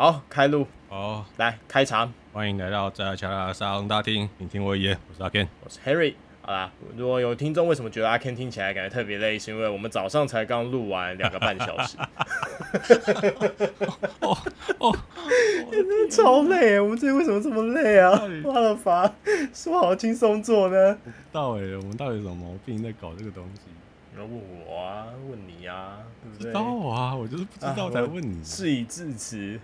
好，開錄。好、oh，來開場。歡迎來到宅爾喬亞的沙龍大廳，聽我一言。我是阿 Ken，我是 Harry。好啦，如果有聽眾為什麼覺得阿 Ken 聽起來感覺特別累，是因為我們早上才剛錄完兩個半小時。 哦哦、哦、啊、欸，真的超累。我們最近為什麼這麼累啊？我的媽，說好輕鬆做呢？大偉，我們到底有什麼毛病在搞這個東西？問我啊，問你啊，對不對？知道啊，我就是不知道才問你。事已至此。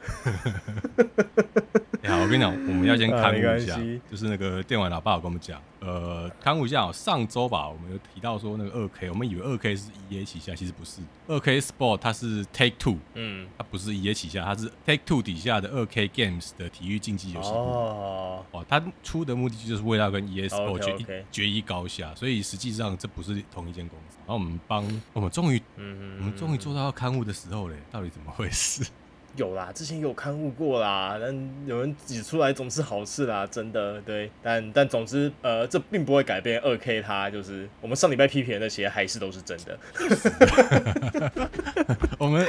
好，我跟你講，我們要先勘誤一下，啊，就是那個電玩老爸有跟我們講，呃，勘誤一下，喔，上周吧，我們有提到說那個二 K，我們以為二 K 是 EA 旗下，其實不是，二 K Sport 它是 Take Two，嗯，它不是 EA 旗下，它是 Take Two 底下的二 K Games 的體育競技遊戲，哦，哇，它出的目的就是為了跟 EA Sport 決一，哦 okay, okay，決一高下，所以實際上這不是同一間公司，然後我們幫我們終於，嗯，我們終於，嗯嗯，做到要勘誤的時候嘞，到底怎麼回事？有啦，之前有勘誤過啦，但有人指出來總是好事啦，真的對。但但總之，呃，這並不會改變 2K，它就是我們上禮拜批評的那些還是都是真的。 我們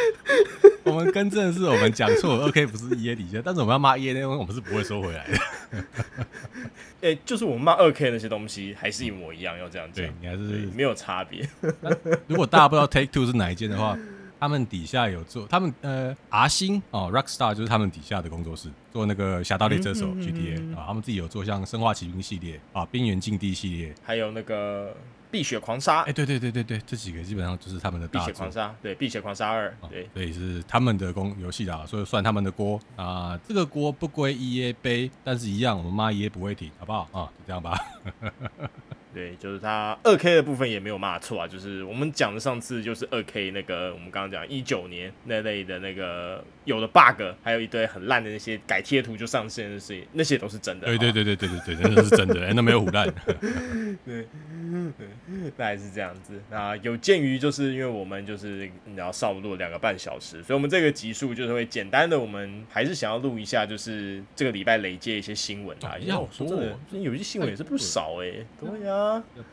我們更正是我們講錯，2K 不是 EA 底下，但是我們要罵 EA 的，我們是不會收回來的。 欸、就是我們罵 2K 那些東西還是一模一樣，要這樣講、嗯，你還是沒有差別。 如果大家不知道 Take Two 是哪一間的話。他們底下有做，他們呃 R 星哦，Rockstar 就是他們底下的工作室做那個、嗯《俠盜獵車手》GTA、嗯、啊、嗯嗯，他們自己有做像《生化奇兵》系列啊，《邊緣禁地》系列，還有那個《碧血狂殺，哎，對對對對對，這幾個基本上就是他們的大。碧血狂殺，對，2, 對《碧血狂殺二》，對，所以是他們的公遊戲的，所以算他們的鍋啊、呃。這個鍋不歸 EA 背，但是一樣，我們罵 EA 不會停，好不好啊、哦？就這樣吧。 對，就是他二 K 的部分也沒有罵錯啊，就是我們講的上次就是二 K 那個，我們剛剛講一九年那類的那個有的 bug，還有一堆很爛的那些改貼圖就上線的事情，那些都是真的、啊。對對對對對對對，真的是真的，哎、 欸，那沒有唬爛 對對。對。那還是這樣子，那有鑒於就是因為我們就是你要上午錄兩個半小時，所以我們這個集數就是會簡單的，我們還是想要錄一下，就是這個禮拜累積一些新聞啊。要、啊、說最近、哎、有些新聞也是不少哎、欸，對呀、啊。對啊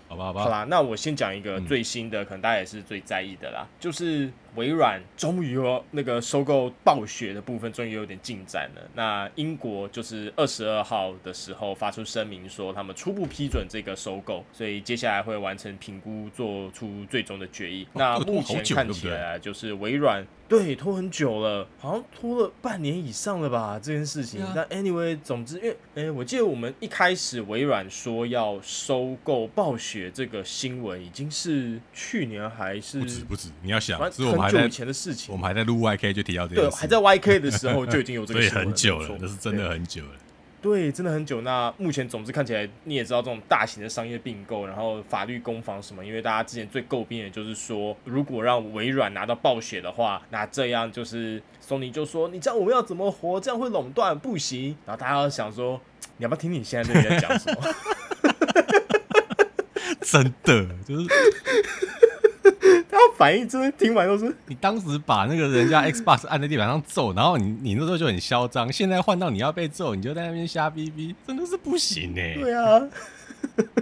好吧，好吧，好啦，那我先講一個最新的，嗯，可能大家也是最在意的啦，就是。微軟終於哦，那個收購暴雪的部分，終於有點進展了。那英國就是二十二號的時候發出聲明，說他們初步批准這個收購，所以接下來會完成評估，做出最終的決議。那目前看起來就是微軟對拖很久了，好像拖了半年以上了吧這件事情。那 anyway 總之，因為哎、欸，我記得我們一開始微軟說要收購暴雪這個新聞，已經是去年還是不止不止，你要想，就以前的事情，我們還在錄 YK 就提到這個，對，還在 YK 的時候就已經有這個， 所以很久了，這、就是真的很久了對。對，真的很久。那目前總之看起來，你也知道這種大型的商業併購，然後法律攻防什麼，因為大家之前最詬病的就是說，如果讓微軟拿到暴雪的話，那這樣就是 n 尼就說，你知道我們要怎麼活？這樣會壟斷，不行。然後大家想說，你要不要聽聽現在你在講什麼？ 真的就是。反應真的聽完都是，你當時把那個人家 Xbox 按在地板上揍， 然後你你那時候就很囂張，現在換到你要被揍，你就在那邊瞎逼逼，真的是不行呢、欸。對啊。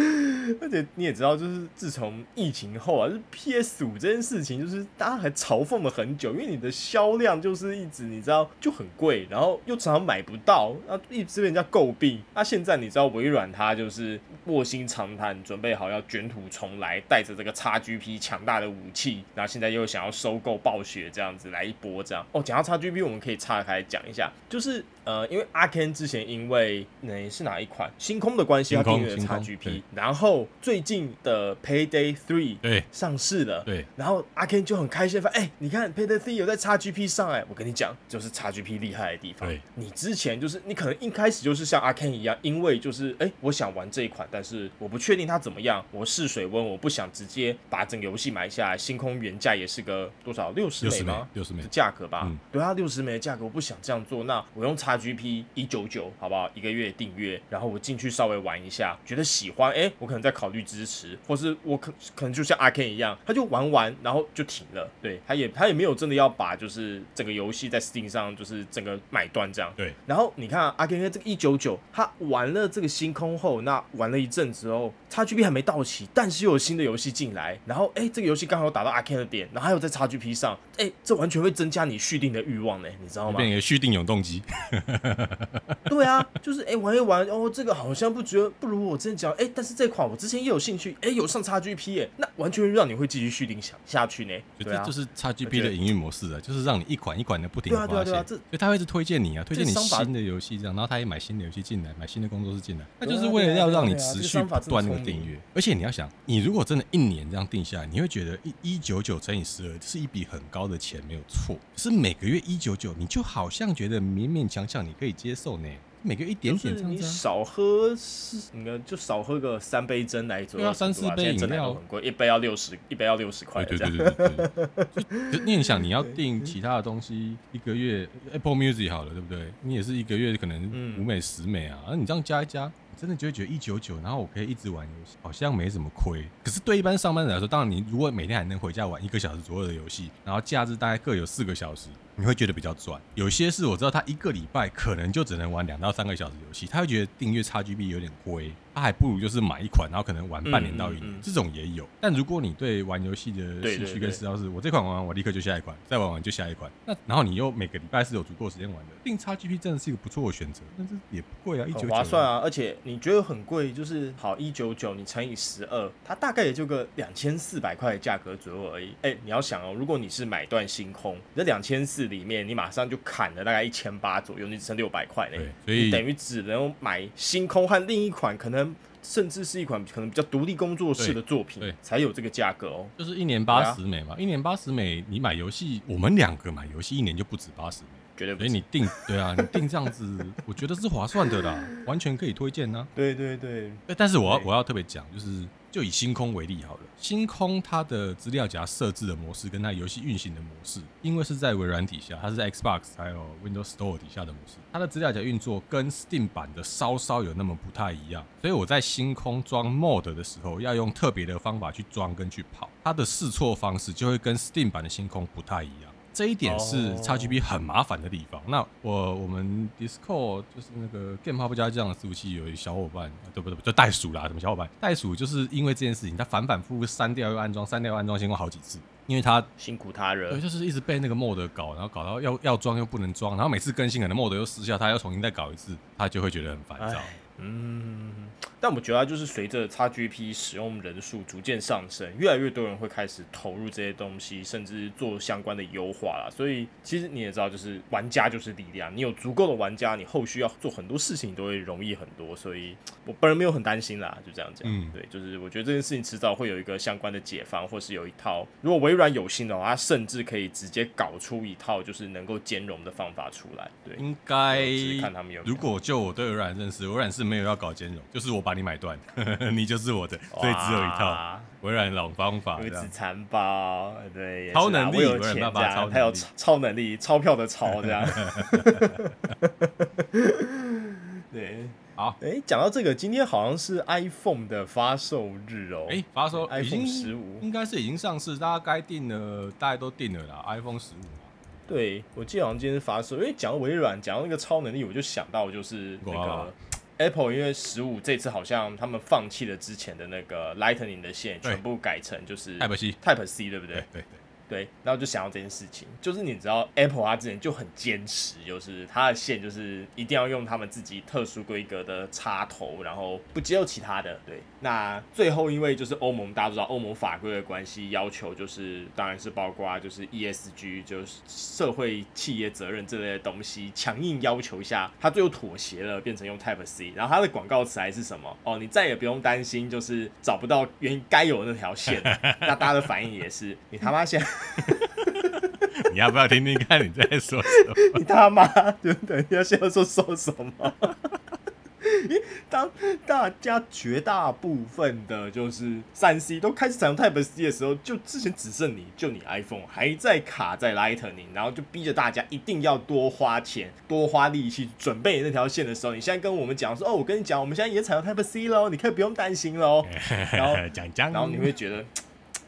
而且你也知道，就是自從疫情後啊，是 PS 五這件事情，就是大家還嘲諷了很久，因為你的銷量就是一直你知道就很貴，然後又常常買不到，啊一直被人家詬病。那、啊、現在你知道微軟它就是臥薪嘗膽，準備好要卷土重來，帶着這個 XGP 強大的武器，然後現在又想要收購暴雪，這樣子來一波這樣。哦，講到 XGP，我們可以岔開來講一下，就是。呃，因為阿 Ken 之前因為哪，是哪一款星空的關係，訂閱了 XGP，然後最近的 Payday Three 對上市了，對，對，然後阿 Ken 就很開心發，發、欸、哎，你看 Payday Three 有在 XGP 上，欸，哎，我跟你講，就是 XGP 厲害的地方對。你之前就是你可能一開始就是像阿 Ken 一樣，因為就是哎、欸，我想玩這一款，但是我不確定它怎麼樣，我試水溫，我不想直接把整個遊戲買下來。星空原價也是個多少六十美嗎？六十的美價格吧？嗯、對啊，六十美的價格，我不想這樣做，那我用 XGP。XGP 一九九，好不好？一個月訂閱，然後我進去稍微玩一下，覺得喜歡，哎、欸，我可能再考慮支持，或是我可可能就像阿 Ken 一樣，他就玩完，然後就停了。對他也他也沒有真的要把就是整個遊戲在 Steam 上就是整個買斷這樣。對，然後你看、啊、阿 Ken 這個一九九，他玩了這個星空後，那玩了一陣之後，XGP 還沒到期，但是又有新的遊戲進來，然後哎、欸，這個遊戲剛好打到阿 Ken 的點，然後還有在 XGP 上，哎、欸，這完全會增加你續訂的欲望呢、欸，你知道嗎？變續訂有動機。 對啊，就是哎、欸、玩一玩哦，這個好像不覺得不如我之前講哎、欸，但是這款我之前也有興趣哎、欸，有上 XGP 哎，那完全讓你會繼續續訂想下去呢。對啊，這就是 XGP 的營運模式啊，就是讓你一款一款的不停的對啊對啊，對啊，這所以他會一直推薦你啊，推薦你新的遊戲這樣，然後他也買新的遊戲進來，買新的工作室進來，那、啊啊、就是為了要讓你持續不斷那個訂閱、啊啊這個。而且你要想，你如果真的一年這樣定下來，你會覺得一一九九乘以十二是一筆很高的錢，沒有錯。可是每個月一九九，你就好像覺得勉勉強。想你可以接受呢，每個月一點點、啊，就是、你少喝你就少喝個三杯珍奶左右，三四杯飲料很貴，一杯要六十，一杯要六十塊。對對對對對。念 想你要訂其他的東西，一個月 Apple Music 好了，對不對？你也是一個月可能五美十美啊，嗯、啊你這樣加一加，真的就會覺得一九九，然後我可以一直玩遊戲，好像沒什麼虧。可是對一般上班族來說，當然你如果每天還能回家玩一個小時左右的遊戲，然後假日大概各有四個小時。你會覺得比較賺，有些是我知道他一個禮拜可能就只能玩兩到三個小時遊戲，他會覺得訂閱 XGP 有點貴，他還不如就是買一款，然後可能玩半年到一年，嗯嗯嗯這種也有。但如果你對玩遊戲的興趣跟嗜好是，對對對對我這款玩完我立刻就下一款，再玩完就下一款，那然後你又每個禮拜是有足夠時間玩的，訂 XGP 真的是一個不錯的選擇，但是也不貴啊，一九九划算啊，而且你覺得很貴就是好，一九九你乘以十二，它大概也就個兩千四百塊的價格左右而已。哎、欸，你要想哦，如果你是買斷星空，你的兩千四，裡面你馬上就砍了大概一千八左右，你只剩六百塊了。對，所以等於只能買星空和另一款，可能甚至是一款可能比較獨立工作室的作品對對，才有這個價格哦、喔。就是一年八十美嘛，啊、一年八十美，你買遊戲，我們兩個買遊戲一年就不止八十美，絕、嗯、對。所以你定，對啊，你定這樣子， 我覺得是划算的啦， 完全可以推薦呢、啊。對對對，但是我要我要特別講，就是。就以星空為例好了，星空它的資料夾設置的模式跟它遊戲運行的模式，因為是在微軟底下，它是在 Xbox 還有 Windows Store 底下的模式，它的資料夾運作跟 Steam 版的稍稍有那麼不太一樣，所以我在星空裝 Mod 的時候，要用特別的方法去裝跟去跑，它的試錯方式就會跟 Steam 版的星空不太一樣。這一點是 XGP 很麻煩的地方。哦、那我我們 Discord 就是那個 GameHop 加這樣的伺服器，有一小夥伴，對不，對不對？就袋鼠啦，什麼小夥伴？袋鼠就是因為這件事情，他反反复覆刪掉又安裝，刪掉又安裝，先後好幾次，因為他辛苦他人，對，就是一直被那個 MOD 搞，然後搞到要要裝又不能裝，然後每次更新可能 MOD 又失效，他要重新再搞一次，他就會覺得很煩躁。嗯。但我覺得它，就是隨着 XGP 使用人數逐漸上升，越來越多人會開始投入這些東西，甚至做相關的優化啦。所以其實你也知道，就是玩家就是力量，你有足夠的玩家，你後續要做很多事情，你都會容易很多。所以我本人沒有很擔心啦，就這樣講，嗯。對，就是我覺得這件事情遲早會有一個相關的解方，或是有一套。如果微軟有心的話，它甚至可以直接搞出一套就是能夠兼容的方法出來。對，應該看他們有，有。如果就我對微軟認識，微軟是沒有要搞兼容，就是我把。把你買斷， 你就是我的，所以只有一套。微軟老方法，子殘包，對，超能力，有錢微軟爸爸有超能力，鈔票的鈔這樣。 對，好，哎、欸，講到這個，今天好像是 iPhone 的發售日哦、喔，哎、欸，發售，發售 iPhone 十五，應該是已經上市，大家該訂的，大家都訂了啦。iPhone 十五啊，對，我記得好像今天是發售，因為講到微軟，講到那個超能力，我就想到就是那個。Apple 因為十五這次好像他們放棄了之前的那個 Lightning 的線，全部改成就是 Type，對 Type C 對不對？對，對，對。對，然後就想要這件事情，就是你知道，Apple 它之前就很堅持，就是它的線就是一定要用他們自己特殊規格的插頭，然後不接受其他的。對，那最後因為就是歐盟大家都知道，歐盟法規的關係，要求就是，當然是包括就是 ESG，就是社會企業責任這類的東西，強硬要求一下，他最後妥協了，變成用 Type C。然後它的廣告詞還是什麼哦，你再也不用擔心就是找不到原該有的那條線了。那大家的反應也是，你他媽現在。 你要不要聽聽看你在說什麼？ 你他媽就等一下，你要現在說說什麼？當 大家絕大部分的就是三 C 都開始採用 Type C 的時候，就之前只剩你就你 iPhone 還在卡在 Lightning，然後就逼着大家一定要多花錢、多花力氣準備那條線的時候，你現在跟我們講說哦，我跟你講，我們現在也採用 Type C 嘍，你可以不用擔心嘍。然後，然後你會覺得。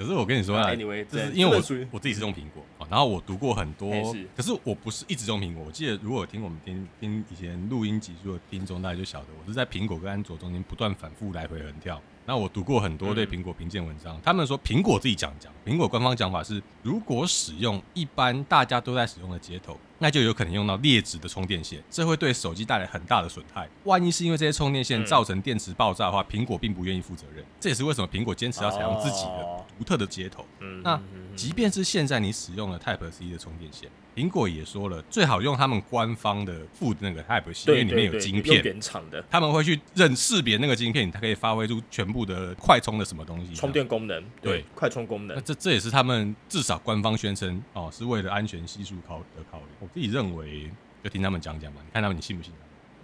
可是我跟你說啊，Anyway, 就是因為我我自己是用蘋果，然後我讀過很多。是可是我不是一直用蘋果，我記得如果聽我們聽聽以前錄音集數的聽眾，大家就曉得我是在蘋果跟安卓中間不斷反覆來回橫跳。那我讀過很多對蘋果評鑑文章、嗯，他們說蘋果自己講講，蘋果官方講法是，如果使用一般大家都在使用的接頭，那就有可能用到劣質的充電線，這會對手機帶來很大的損害。萬一是因為這些充電線造成電池爆炸的話，嗯、蘋果並不願意負責任。這也是為什麼蘋果堅持要採用自己的獨特的接頭、嗯。那即便是現在你使用了 Type C 的充電線。蘋果也說了，最好用他們官方的附的那個 Type C，因為裡面有晶片，原廠的，他們會去認識別那個晶片，它可以發揮出全部的快充的什麼東西，充電功能對，對，快充功能。那這這也是他們至少官方宣稱哦，是為了安全係數考的考慮。我自己認為，就聽他們講講吧，你看他們，你信不信啊？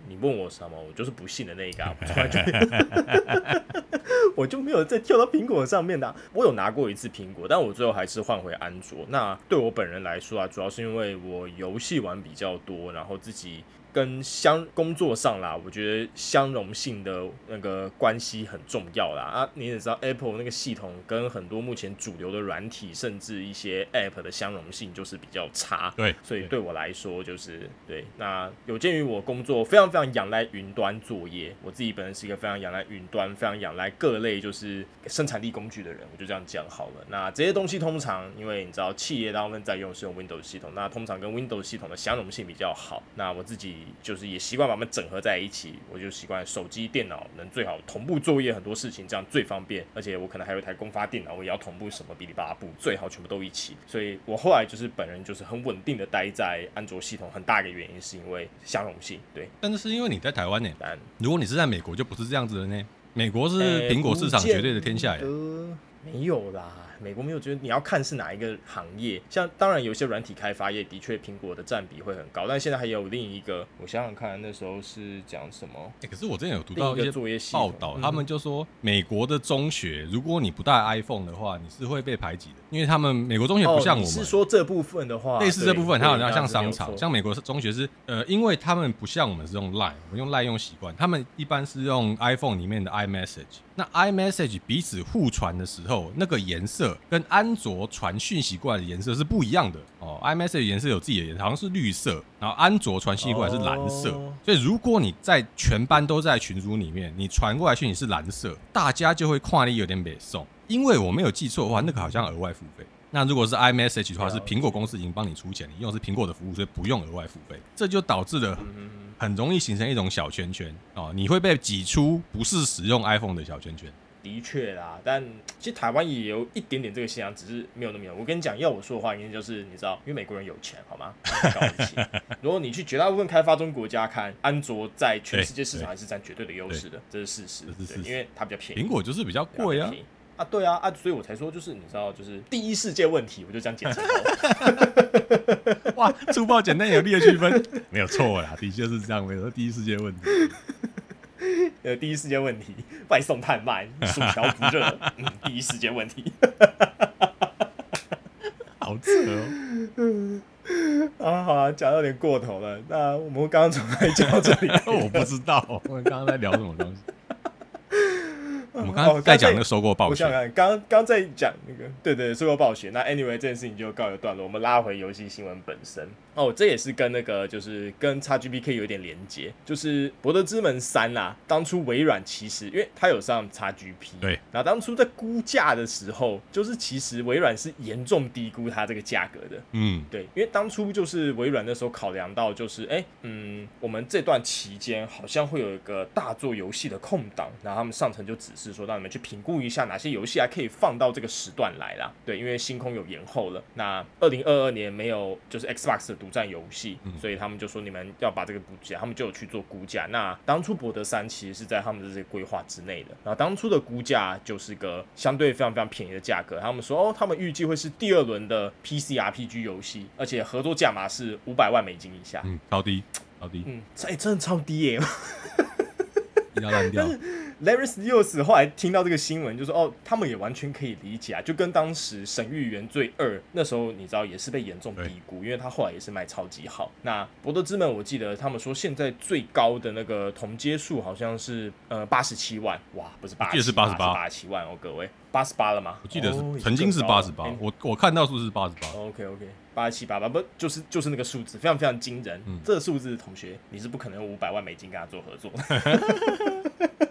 你問我什麼，我就是不信的那一個，我，就， 我就沒有再跳到蘋果上面的啊。我有拿過一次蘋果，但我最後還是換回安卓。那對我本人來說啊，主要是因為我遊戲玩比較多，然後自己。跟相工作上啦，我覺得相容性的那個關係很重要啦啊！你也知道 Apple 那個系統跟很多目前主流的軟體，甚至一些 App 的相容性就是比較差。對，所以對我來說就是對，對。那有鑑於我工作非常非常仰賴雲端作業，我自己本身是一個非常仰賴雲端、非常仰賴各類就是生產力工具的人，我就這樣講好了。那這些東西通常因為你知道企業當中在用是用 Windows 系統，那通常跟 Windows 系統的相容性比較好。那我自己。就是也習慣把它們整合在一起，我就習慣手機、電腦能最好同步作業很多事情，這樣最方便。而且我可能還有一台公發電腦，我也要同步什麼嗶哩吧啦，不最好全部都一起。所以我後來就是本人就是很穩定的待在安卓系統，很大一個原因是因為相容性。對，但是是因為你在台灣呢、欸，如果你是在美國就不是這樣子的呢。美國是蘋果市場絕對的天下呀、欸欸，沒有啦。美國沒有覺得你要看是哪一個行業，像當然有些軟體開發業的確蘋果的占比會很高，但現在還有另一個，我想想看那時候是講什麼、欸。可是我之前有讀到一些一作業系統，報、嗯、道，他們就說美國的中學，如果你不帶 iPhone 的話，你是會被排擠的，因為他們美國中學不像我們。哦、是說這部分的話，類似這部分，它好像像商場，像美國是中學是呃，因為他們不像我們是用 Line，我們用 Line 用習慣，他們一般是用 iPhone 裡面的 iMessage，那 iMessage 彼此互傳的時候，那個顏色。跟安卓傳訊息過來的顏色是不一樣的哦，iMessage 顏色有自己的顏色，好像是綠色，然後安卓傳訊息過來是藍色、哦，所以如果你在全班都在群組裡面，你傳過來訊息是藍色，大家就會看你有點不爽，因為我沒有記錯的話，那個好像額外付費。那如果是 iMessage 的話，是蘋果公司已經幫你出錢，你用的是蘋果的服務，所以不用額外付費，這就導致了很容易形成一種小圈圈哦，你會被擠出不是使用 iPhone 的小圈圈。的確啦，但其實台灣也有一點點這個現象，只是沒有那麼嚴重。我跟你講，要我說的話，應該就是你知道，因為美國人有錢，好嗎？啊、 如果你去絕大部分開發中國家看，安卓在全世界市場還是佔絕對的優勢的，這是，這是事實。對，因為它比較便宜。蘋果就是比較貴啊，較啊，對啊啊，所以我才說就是你知道，就是第一世界問題，我就這樣解釋。 哇，粗暴簡單有力的區分， 沒有錯啦，的確是這樣，沒有說第一世界問題。 有第一世界問題，外送太慢，薯條不熱、 嗯，第一世界問題， 好扯哦，哦啊，好啊，講的有點過頭了，那我們剛剛準備講到這裡？ 我不知道，我們剛剛在聊什麼東西。 我們剛剛在講那個收購暴雪，剛剛剛剛在講那個，對對，對，收購暴雪。那 anyway 這件事情就告一段落。我們拉回遊戲新聞本身。哦，這也是跟那個就是跟 XGPK 有點連接，就是《博德之門三》啊，當初微軟其實因為它有上 XGP，對。然後當初在估價的時候，就是其實微軟是嚴重低估它這個價格的。嗯，對，因為當初就是微軟那時候考量到，就是哎，嗯，我們這段期間好像會有一個大作遊戲的空檔，然後他們上層就只是。說讓你們去評估一下哪些遊戲還可以放到這個時段來啦。對，因為星空有延後了，那二零二二年沒有就是 Xbox 的獨占遊戲，嗯，所以他們就說你們要把這個補價，他們就有去做估價。那當初博德三其實是在他們的這些規劃之內的，然後當初的估價就是個相對非常非常便宜的價格。他們說哦，他們預計會是第二輪的 PC RPG 遊戲，而且合作價碼是五百萬美金以下，嗯，超低，超低，哎，嗯欸，真的超低耶，欸。 掉但是 Larian Studios 後來聽到這個新聞，就說哦，他們也完全可以理解啊，就跟當時《神諭原罪二》那時候，你知道也是被嚴重低估，因為他後來也是賣超級好。那《博德之門》，我記得他們說現在最高的那個同接數好像是呃八十七萬，哇，不是八十八萬，八十萬哦，各位八十八了嗎？我記得是、哦、曾經是八十八，我我看到數是八十八。OK OK。八七八八，不就是就是那個數字非常非常驚人，嗯、這數、個、字的同學，你是不可能用五百萬美金跟他做合作的。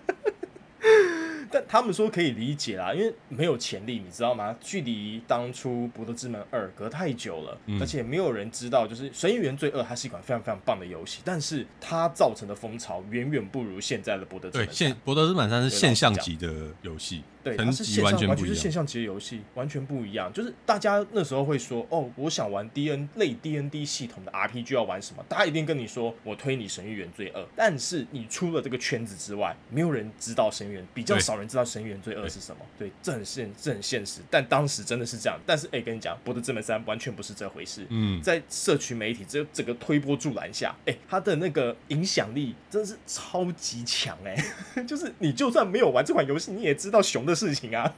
但他們說可以理解啦，因為沒有潛力，你知道嗎？距離當初《博德之門二》隔太久了、嗯，而且沒有人知道，就是《神諭：原罪二》它是一款非常非常棒的遊戲，但是它造成的風潮遠遠不如現在的《博德之門三》。對，現、《博德之門三》是現象級的遊戲。對，它是線上完，完全是現象級的遊戲，完全不一樣。就是大家那時候會說：“哦，我想玩 D N 類 D N D 系統的 R P G 要玩什麼？”大家一定跟你說：“我推你神域原罪二。”但是你出了這個圈子之外，沒有人知道神域原，比較少人知道神域原罪惡是什麼。對，對對，這很現，這很現實。但當時真的是這樣。但是哎、欸，跟你講，《博德之門三》完全不是這回事。嗯，在社群媒體這整個推波助瀾下，哎、欸，他的那個影響力真的是超級強、欸。哎， 就是你就算沒有玩這款遊戲，你也知道熊的事情啊，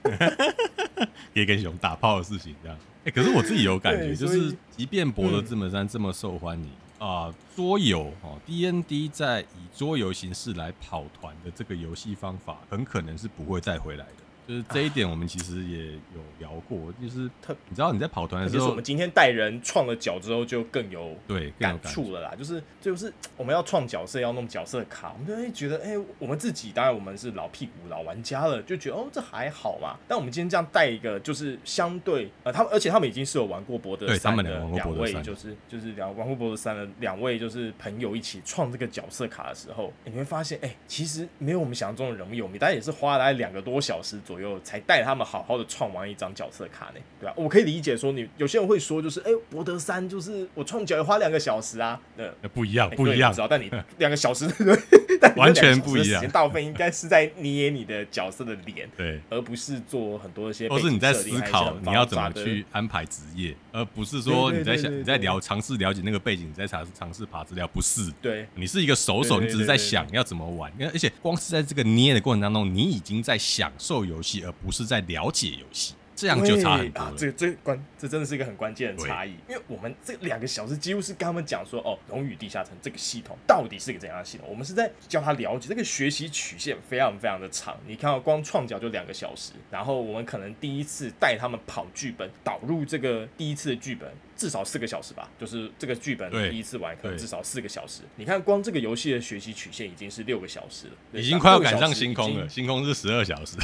也跟熊打炮的事情這樣。哎、欸，可是我自己有感覺，就是即便博德之門三這麼受歡迎啊、呃，桌遊哦、喔、D N D 在以桌遊形式來跑團的這個遊戲方法，很可能是不會再回來的。就是這一點，我們其實也有聊過。啊、就是特，你知道你在跑團的時候，就是我們今天帶人創了角之後，就更有對感觸了啦。就是，就是我們要創角色，要弄角色卡，我們就會覺得，哎、欸，我們自己當然我們是老屁股、老玩家了，就覺得哦，這還好嘛。但我們今天這樣帶一個，就是相對呃，他們而且他們已經是有玩過博德三的兩位，就是就是兩玩過博德三的兩位、就是，就是、位就是朋友一起創這個角色卡的時候，欸、你會發現，哎、欸，其實沒有我們想象中的容易。我們大概也是花了大概兩個多小時左右。又才帶他們好好的創完一張角色卡呢，對吧、啊？我可以理解說，你有些人會說，就是哎，博、欸、德三就是我創角要花兩個小時啊，那、呃、不一樣，不一樣，欸、知道？但你兩個小時，對不對？完全不一樣，大部分應該是在捏你的角色的臉，對，而不是做很多的一些。或是你在思考你要怎麼去安排職業，而不是說你在想對對對對對對你在聊嘗試了解那個背景，你在嘗試嘗試爬資料，不是？對，你是一個熟手，對對對對對對你只是在想要怎麼玩，而且光是在這個捏的過程當中，你已經在享受有。遊戲，而不是在了解遊戲，這樣就差很多了。啊、這個、這個、關，這真的是一個很關鍵的差異。因為我們這兩個小時幾乎是跟他們講說，哦，《龍與地下城》這個系統到底是個怎樣的系統？我們是在教他了解，這個學習曲線非常非常的長。你看到光創角就兩個小時，然後我們可能第一次帶他們跑劇本，導入這個第一次的劇本。至少四個小時吧，就是這個劇本第一次玩可能至少四個小時。你看，光這個遊戲的學習曲線已經是六個小時了，已經快要趕上星空了。星空是十二小時。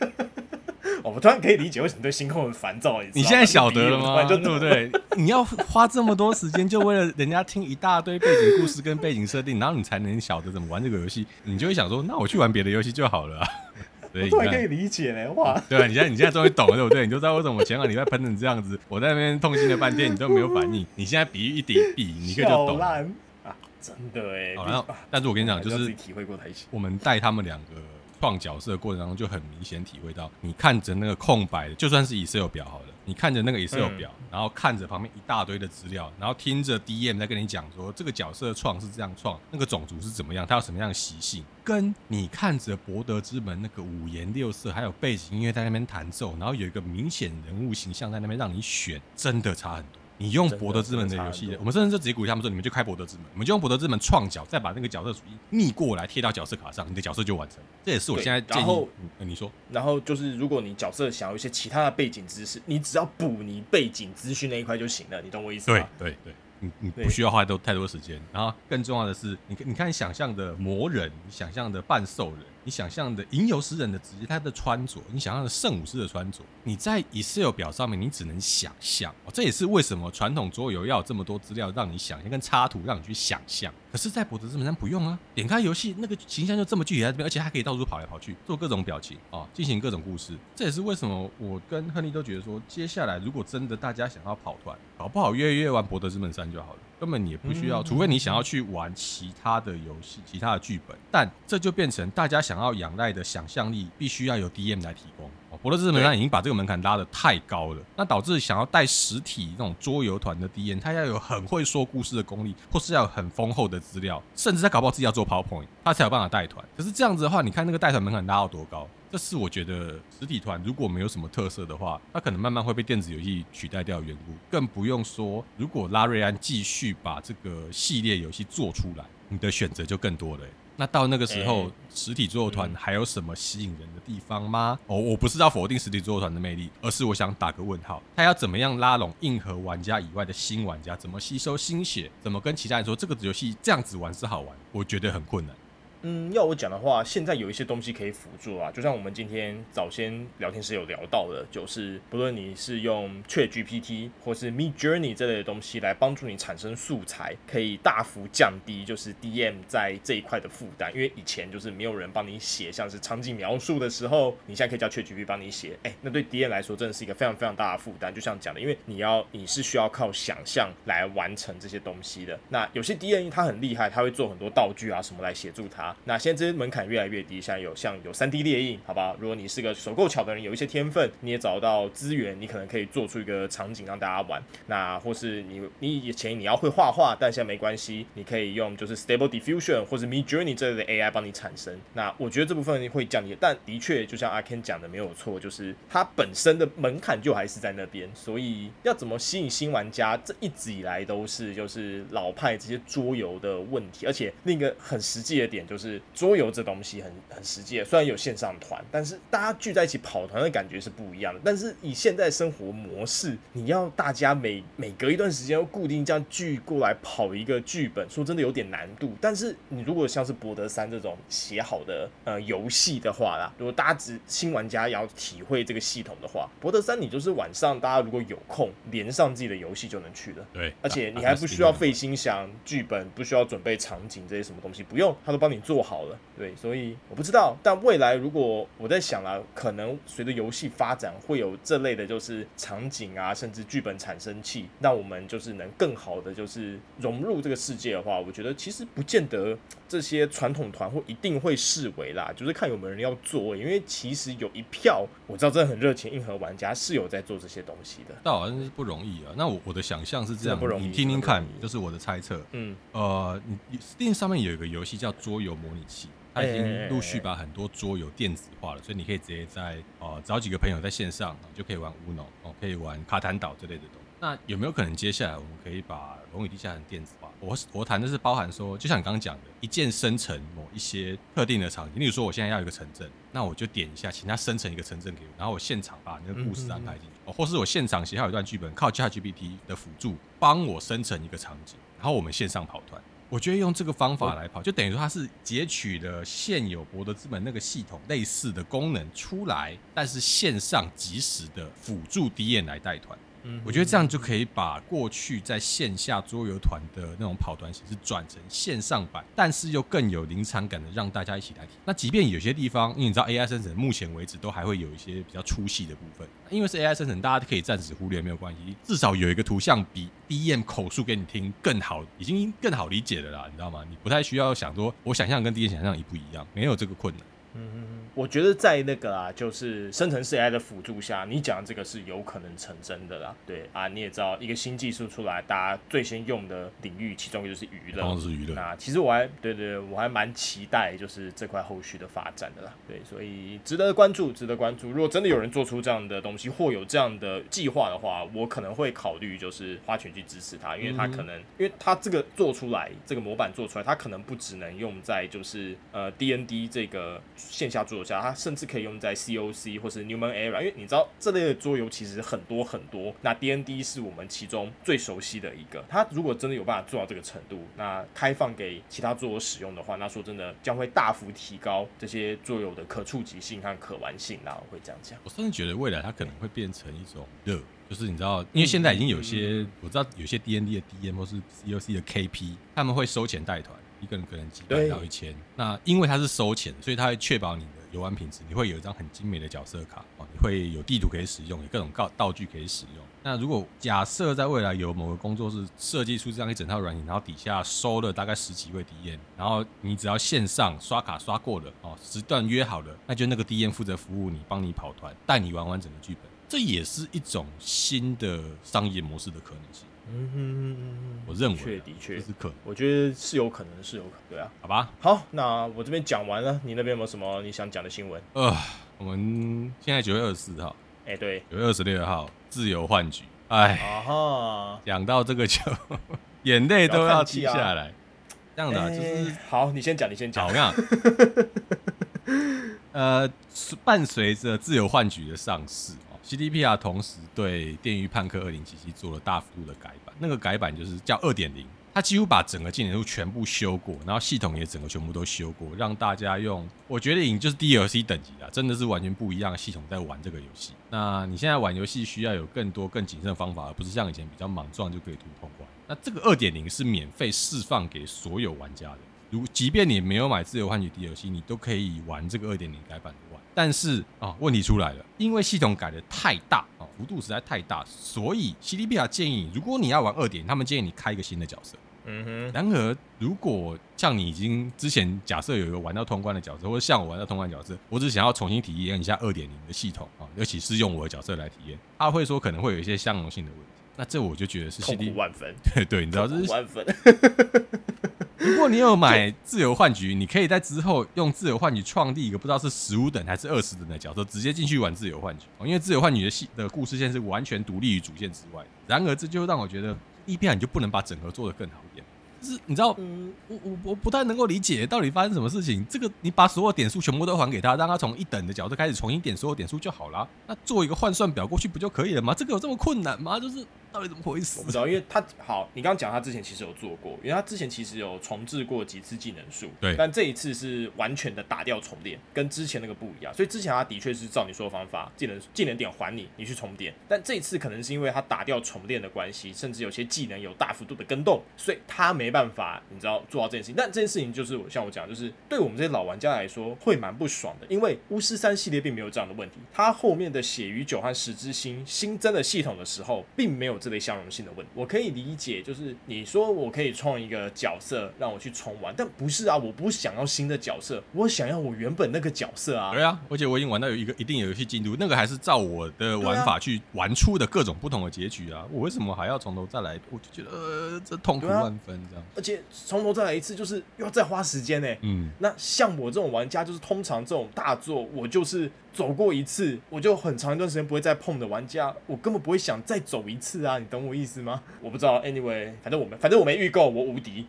我們突然可以理解為什麼對星空很煩躁你。你現在曉得了嗎？反正對不對？你要花這麼多時間，就為了人家聽一大堆背景故事跟背景設定，然後你才能曉得怎麼玩這個遊戲，你就會想說：那我去玩別的遊戲就好了啊。對，你可以理解的。哇！對啊，你現在你現在終於懂了， 對不對？你就知道為什麼前兩個禮拜噴成這樣子，我在那邊痛心了半天， 你都沒有反應。你現在比喻一比一，你可以就懂了啊，真的哎！好、哦、像，但是我跟你講，就是我們帶他們兩個創角色的過程當中，就很明顯體會到，你看着那個空白的，就算是 Excel 表好了。你看着那個 Excel 表、嗯，然後看着旁邊一大堆的資料，然後聽着 DM 在跟你講說這個角色創是這樣創，那個種族是怎麼樣，它有什麼樣的習性，跟你看着《博德之門》那個五顏六色，還有背景音樂在那邊彈奏，然後有一個明顯人物形象在那邊讓你選，真的差很多。你用博德之門的遊戲，我們甚至就直接鼓勵他們說：“你們就開博德之門，我們就用博德之門創角，再把那個角色屬性逆過來貼到角色卡上，你的角色就完成。”這也是我現在建議，你說對對，然後，你說，然後就是如果你角色想要一些其他的背景知識，你只要補你背景資訊那一塊就行了，你懂我意思嗎？對對對，你你不需要花太多太多時間，然後更重要的是，你你看，想象的魔人，嗯、想象的半獸人。你想象的吟遊詩人的職業他的穿着；你想象的聖武士的穿着。你在 Excel 表上面，你只能想象、哦。這也是為什麼傳統桌遊要有這麼多資料，讓你想象跟插圖讓你去想象。可是，在博德之門三不用啊，點開遊戲那個形象就這麼具體在這邊，而且還可以到處跑來跑去，做各種表情啊、哦，進行各種故事。這也是為什麼我跟亨利都覺得說，接下來如果真的大家想要跑團，搞不好約一約玩博德之門三就好了。根本也不需要，除非你想要去玩其他的遊戲、其他的劇本，但這就變成大家想要仰賴的想象力，必須要由 DM 來提供。博德之門三已經把這個門檻拉得太高了，那導致想要帶實體那種桌遊團的 DM，他要有很會說故事的功力，或是要有很豐厚的資料，甚至他搞不好自己要做 PowerPoint，他才有辦法帶團。可是這樣子的話，你看那個帶團門檻拉到多高？這是我覺得實體團如果沒有什麼特色的話，它可能慢慢會被電子遊戲取代掉的緣故。更不用說，如果拉瑞安繼續把這個系列遊戲做出來，你的選擇就更多了、欸。那到那個時候，欸、實體桌遊團還有什麼吸引人的地方嗎？嗯、哦，我不是要否定實體桌遊團的魅力，而是我想打個問號：他要怎麼樣拉攏硬核玩家以外的新玩家？怎麼吸收新血？怎麼跟其他人說這個遊戲這樣子玩是好玩？我覺得很困難。嗯，要我講的話，現在有一些東西可以輔助啊，就像我們今天早先聊天時有聊到的，就是不論你是用 ChatGPT 或是 Midjourney 這類的東西來幫助你產生素材，可以大幅降低就是 DM 在這一塊的負擔，因為以前就是沒有人幫你寫，像是場景描述的時候，你現在可以叫 ChatGPT 幫你寫，哎，那對 DM 來說真的是一個非常非常大的負擔，就像講的，因為你要你是需要靠想象來完成這些東西的，那有些 DM 他很厲害，他會做很多道具啊什麼來協助他。那現在這些門檻越來越低，現在有像有 3D 列印，好吧？如果你是個手夠巧的人，有一些天分，你也找得到資源，你可能可以做出一個場景讓大家玩。那或是你你以前你要會畫畫，但現在沒關係，你可以用就是 Stable Diffusion 或者 Midjourney 這類的 AI 幫你產生。那我覺得這部分會降低，但的確就像阿 Ken 講的沒有錯，就是它本身的門檻就還是在那邊，所以要怎麼吸引新玩家，這一直以來都是就是老派這些桌遊的問題。而且另一個很實際的點就是。是桌遊這東西很很實際，雖然有線上團，但是大家聚在一起跑團的感覺是不一樣的。但是以現在生活模式，你要大家每每隔一段時間要固定這樣聚過來跑一個劇本，說真的有點難度。但是你如果像是《博德三》這種寫好的呃遊戲的話啦，如果大家只新玩家也要體會這個系統的話，《博德三》你就是晚上大家如果有空連上自己的遊戲就能去了。對，而且你還不需要費心想劇本，不需要準備場景這些什麼東西，不用，他都幫你做。做好了，對，所以我不知道。但未來如果我在想了、啊，可能隨着遊戲發展，會有這類的就是場景啊，甚至劇本產生器，讓我們就是能更好的就是融入這個世界的話，我覺得其實不見得這些傳統團會一定會視為啦，就是看有沒有人要做。因為其實有一票我知道，真的很熱情硬核玩家是有在做這些東西的。但好像是不容易啊。那我我的想象是這樣，不容易你聽聽看、嗯，就是我的猜測。嗯，呃，Steam 上面有一個遊戲叫桌遊。模擬器，他已經陸續把很多桌遊電子化了，所以你可以直接在呃、哦、找幾個朋友在線上，就可以玩 UNO，哦，可以玩卡坦島之類的東西。那有沒有可能接下來我們可以把龍與地下城電子化？我我談的是包含說，就像你剛剛講的，一鍵生成某一些特定的場景，例如說我現在要有一個城鎮，那我就點一下，請它生成一個城鎮給我，然後我現場把那個故事安排進去、哦，或是我現場寫好有一段劇本，靠 ChatGPT 的輔助幫我生成一個場景，然後我們線上跑團。我覺得用這個方法來跑，就等於說它是截取了現有博德之門那個系統類似的功能出來，但是線上即時的輔助 DM 來帶團。嗯，我覺得這樣就可以把過去在線下桌遊團的那種跑團形式轉成線上版，但是又更有臨場感的，讓大家一起來聽。那即便有些地方，因為你知道 AI 生成，目前為止都還會有一些比較粗細的部分。因為是 AI 生成，大家可以暫時忽略，沒有關係。至少有一個圖像比 DM 口述給你聽更好，已經更好理解了啦。你知道嗎？你不太需要想說，我想象跟 DM 想象一不一樣，沒有這個困難。嗯嗯。我覺得在那個啊，就是生成式 AI 的輔助下，你講的這個是有可能成真的啦。對啊，你也知道，一個新技術出來，大家最先用的領域，其中就是娛樂，啊，其實我還對，對對，我還蠻期待，就是這塊後續的發展的啦。對，所以值得關注，值得關注。如果真的有人做出這樣的東西，或有這樣的計劃的話，我可能會考慮就是花錢去支持他，因為他可能、嗯，因為他這個做出來，這個模板做出來，他可能不只能用在就是呃 D N D 這個線下做。它甚至可以用在 COC 或是 Newman Era，因為你知道這類的桌遊其實很多很多。那 DND 是我們其中最熟悉的一個。它如果真的有辦法做到這個程度，那開放給其他桌遊使用的話，那說真的將會大幅提高這些桌遊的可觸及性和可玩性。然後會這樣講。我甚至覺得未來它可能會變成一種熱，就是你知道，因為現在已經有些嗯嗯嗯嗯我知道有些 DND 的 DM 或是 COC 的 KP 他們會收錢帶團，一個人可能幾百到一千。那因為他是收錢，所以他會確保你的。遊玩品質，你會有一張很精美的角色卡，你會有地圖可以使用，有各種道具可以使用。那如果假設在未來有某個工作室設計出這樣一整套軟體，然後底下收了大概十幾位 DM，然後你只要線上刷卡刷過了哦，時段約好了，那就那個 DM 負責服務你，幫你跑團，帶你玩完整個劇本，這也是一種新的商業模式的可能性。.嗯哼，我認為、啊、的確，我覺得是有，是有可能，是有可能，對啊，好吧。好，那我這邊講完了，你那邊有沒有什麼你想講的新聞？呃，我們現在九月二十四號，哎、欸，對，九月二十六號自由幻局，哎，啊哈，講到這個就眼淚都要掉下來，啊、這樣的、啊欸、就是好，你先講，你先講，好樣。 呃，伴隨着自由幻局的上市。CDPR 同時對《電馭叛客2077》做了大幅度的改版，那個改版就是叫2.0，它幾乎把整個技能都全部修過，然後系統也整個全部都修過，讓大家用。我覺得已經就是 DLC 等級啦，真的是完全不一樣的系統在玩這個遊戲。那你現在玩遊戲需要有更多更謹慎的方法，而不是像以前比較莽撞，就可以通關。那這個2.0是免費釋放給所有玩家的，如即便你沒有買自由幻局 DLC，你都可以玩這個2.0改版。但是啊、哦，問題出來了，因為系統改的太大啊，幅、哦、度實在太大，所以 CDPR 建議，如果你要玩二點零，他們建議你開一個新的角色。嗯哼。然而，如果像你已經之前假設有一個玩到通關的角色，或者像我玩到通關的角色，我只是想要重新體驗一下二點零的系統啊、哦，尤其是用我的角色來體驗，他會說可能會有一些相容性的問題。那這我就覺得是 CDPR 痛苦萬分。對對，你知道這是痛苦萬分。 如果你有買自由幻局， 你可以在之後用自由幻局創立一個不知道是十五等還是二十等的角色，直接進去玩自由幻局。哦，因為自由幻局的戲的故事線是完全獨立於主線之外的。然而，這就讓我覺得 Epic 你就不能把整合做得更好一點？就是你知道，我我我不太能夠理解到底發生什麼事情。這個你把所有點數全部都還給他，讓他從一等的角色開始重新點所有點數就好啦。那做一個換算表過去不就可以了嗎？這個有這麼困難嗎？就是。到底怎麼回事？我不知道，因為他好，你剛剛講他之前其實有做過，因為他之前其實有重置過幾次技能樹，對。但這一次是完全的打掉重練，跟之前那個不一樣。所以之前他的確是照你說的方法，技能技能點還你，你去重練。但這一次可能是因為他打掉重練的關係，甚至有些技能有大幅度的更動，所以他沒辦法，你知道做到這件事情。但這件事情就是像我講，就是對我們這些老玩家來說會蠻不爽的，因為巫師三系列並沒有這樣的問題。它後面的血與酒和石之心新增的系統的時候，並沒有。這類相容性的問題，我可以理解，就是你說我可以創一個角色讓我去重玩，但不是啊，我不想要新的角色，我想要我原本那個角色啊。對啊，而且我已經玩到有一個一定有遊戲進度，那個還是照我的玩法去玩出的各種不同的結局啊，啊我為什麼還要從頭再來？我就覺得、呃、這痛苦萬分這樣、啊。而且從頭再來一次，就是又要再花時間呢、欸。嗯，那像我這種玩家，就是通常這種大作，我就是走過一次，我就很長一段時間不會再碰的玩家，我根本不會想再走一次啊。你懂我意思嗎？我不知道。Anyway，反正我們，反正我沒預購，我無敵。